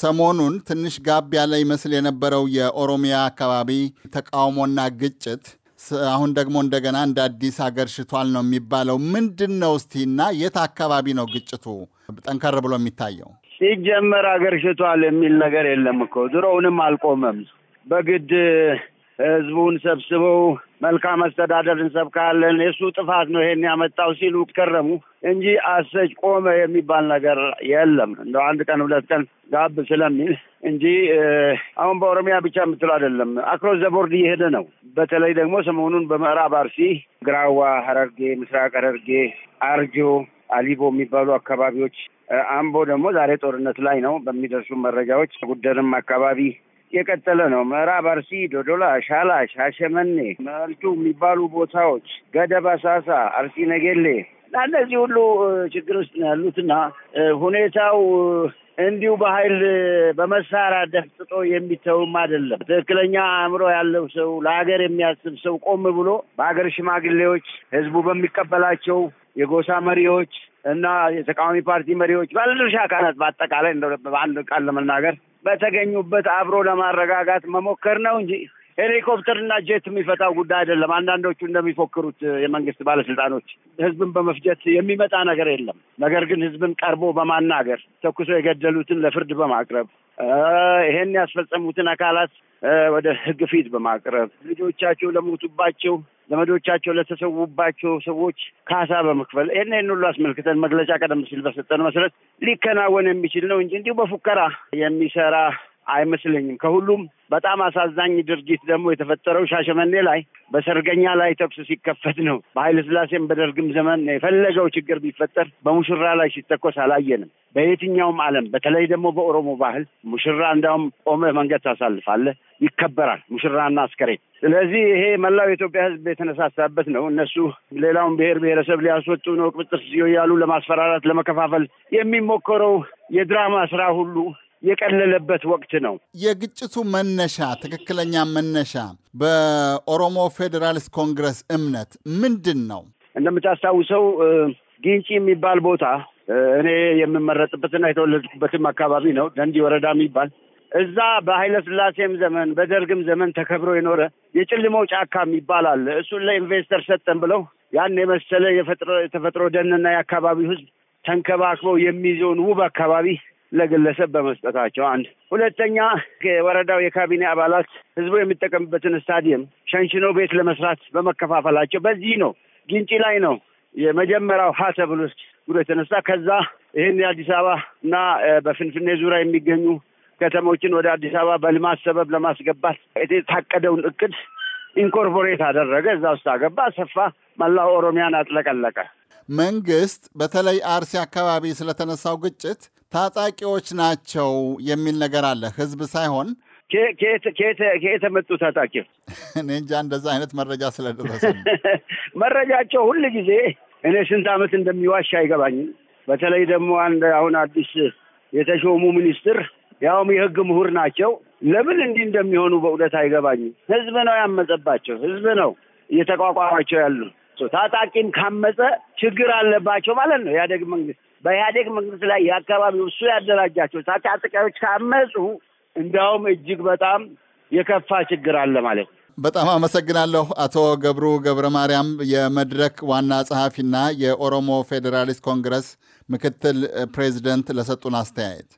ሰሞኑን ትንሽ ጋብ ያለ ይመስል የነበረው የኦሮሚያ አካባቢ ተቃውሞና ግጭት አሁን ደግሞ እንደገና እንደ አዲስ አገር ሽቷል ነው የሚባለው። ምንድን ነው እስቲ እና የት አካባቢ ነው ግጭቱ ጠንከር ብሎ የሚታየው? ሲጀመር አገር ሽቷል የሚል ነገር የለም እኮ ድሮውንም አልቆመም። በግድ ህዝቡን ሰብስበው መልካም አስተዳደር እንሰብካለን የእሱ ጥፋት ነው ይሄን ያመጣው ሲሉ ከረሙ እንጂ አሰጭ ቆመ የሚባል ነገር የለም። እንደ አንድ ቀን ሁለት ቀን ጋብ ስለሚል እንጂ አሁን በኦሮሚያ ብቻ የምትሉ አይደለም። አክሮስ ዘ ቦርድ እየሄደ ነው። በተለይ ደግሞ ሰሞኑን በምዕራብ አርሲ፣ ግራዋ፣ ሀረርጌ፣ ምስራቅ ረርጌ፣ አርጆ፣ አሊቦ የሚባሉ አካባቢዎች፣ አምቦ ደግሞ ዛሬ ጦርነት ላይ ነው በሚደርሱ መረጃዎች፣ ጉደርም አካባቢ የቀጠለ ነው። ምዕራብ አርሲ፣ ዶዶላ፣ ሻላ፣ ሻሸመኔ፣ መልቱ የሚባሉ ቦታዎች፣ ገደብ፣ አሳሳ፣ አርሲ ነገሌ እና እነዚህ ሁሉ ችግር ውስጥ ነው ያሉትና ሁኔታው እንዲሁ በኃይል በመሳሪያ ደፍጥጦ የሚተውም አይደለም። ትክክለኛ አእምሮ ያለው ሰው ለሀገር የሚያስብ ሰው ቆም ብሎ በሀገር ሽማግሌዎች፣ ህዝቡ በሚቀበላቸው የጎሳ መሪዎች እና የተቃዋሚ ፓርቲ መሪዎች፣ ባለድርሻ አካላት በአጠቃላይ በአንድ ቃል ለመናገር በተገኙበት አብሮ ለማረጋጋት መሞከር ነው እንጂ ሄሊኮፕተርና ጄት የሚፈታው ጉዳይ አይደለም። አንዳንዶቹ እንደሚፎክሩት የመንግስት ባለስልጣኖች ህዝብን በመፍጀት የሚመጣ ነገር የለም። ነገር ግን ህዝብን ቀርቦ በማናገር ተኩሶ የገደሉትን ለፍርድ በማቅረብ ይሄን ያስፈጸሙትን አካላት ወደ ህግ ፊት በማቅረብ ልጆቻቸው ለሞቱባቸው ዘመዶቻቸው ለተሰዉባቸው ሰዎች ካሳ በመክፈል ይህን ይህን ሁሉ አስመልክተን መግለጫ ቀደም ሲል በሰጠን መሰረት ሊከናወን የሚችል ነው እንጂ እንዲሁ በፉከራ የሚሰራ አይመስለኝም። ከሁሉም በጣም አሳዛኝ ድርጊት ደግሞ የተፈጠረው ሻሸመኔ ላይ በሰርገኛ ላይ ተኩስ ሲከፈት ነው። በኃይለ ሥላሴም በደርግም ዘመን የፈለገው ችግር ቢፈጠር በሙሽራ ላይ ሲተኮስ አላየንም። በየትኛውም ዓለም በተለይ ደግሞ በኦሮሞ ባህል ሙሽራ እንዲያውም ቆመ መንገድ ታሳልፋለህ፣ ይከበራል ሙሽራና አስከሬን። ስለዚህ ይሄ መላው የኢትዮጵያ ሕዝብ የተነሳሳበት ነው። እነሱ ሌላውን ብሔር ብሔረሰብ ሊያስወጡ ነው ቅብጥር እያሉ ለማስፈራራት ለመከፋፈል የሚሞከረው የድራማ ስራ ሁሉ የቀለለበት ወቅት ነው። የግጭቱ መነሻ ትክክለኛ መነሻ በኦሮሞ ፌዴራሊስት ኮንግረስ እምነት ምንድን ነው? እንደምታስታውሰው ጊንጪ የሚባል ቦታ እኔ የምመረጥበትና የተወለድኩበትም አካባቢ ነው፣ ደንዲ ወረዳ የሚባል እዛ በኃይለ ስላሴም ዘመን በደርግም ዘመን ተከብሮ የኖረ የጭልመው ጫካ የሚባል አለ። እሱን ለኢንቨስተር ሰጠን ብለው ያን የመሰለ የተፈጥሮ ደንና የአካባቢው ሕዝብ ተንከባክበው የሚይዘውን ውብ አካባቢ ለግለሰብ በመስጠታቸው አንድ። ሁለተኛ የወረዳው የካቢኔ አባላት ህዝቡ የሚጠቀምበትን ስታዲየም ሸንሽኖ ቤት ለመስራት በመከፋፈላቸው በዚህ ነው ግንጪ ላይ ነው የመጀመሪያው ሀ ተብሎ ጉዶ የተነሳ ከዛ ይህን የአዲስ አበባ እና በፍንፍኔ ዙሪያ የሚገኙ ከተሞችን ወደ አዲስ አበባ በልማት ሰበብ ለማስገባት የታቀደውን እቅድ ኢንኮርፖሬት አደረገ። እዛ ውስጥ አገባ፣ ሰፋ፣ መላው ኦሮሚያን አጥለቀለቀ። መንግስት በተለይ አርሲ አካባቢ ስለተነሳው ግጭት ታጣቂዎች ናቸው የሚል ነገር አለ። ህዝብ ሳይሆን ከየት መጡ ታጣቂዎች? እኔ እንጃ እንደዛ አይነት መረጃ ስለደረሰ መረጃቸው ሁል ጊዜ እኔ ስንት አመት እንደሚዋሽ አይገባኝም። በተለይ ደግሞ አንድ አሁን አዲስ የተሾሙ ሚኒስትር ያውም የህግ ምሁር ናቸው። ለምን እንዲህ እንደሚሆኑ በእውነት አይገባኝም። ህዝብ ነው ያመፀባቸው፣ ህዝብ ነው እየተቋቋማቸው ያሉ። ታጣቂም ካመፀ ችግር አለባቸው ማለት ነው ኢህአዴግ መንግስት በኢህአዴግ መንግስት ላይ የአካባቢው እሱ ያደራጃቸው ታጣቂዎች ካመፁ እንዲያውም እጅግ በጣም የከፋ ችግር አለ ማለት ነው። በጣም አመሰግናለሁ አቶ ገብሩ ገብረ ማርያም የመድረክ ዋና ጸሐፊና የኦሮሞ ፌዴራሊስት ኮንግረስ ምክትል ፕሬዚደንት ለሰጡን አስተያየት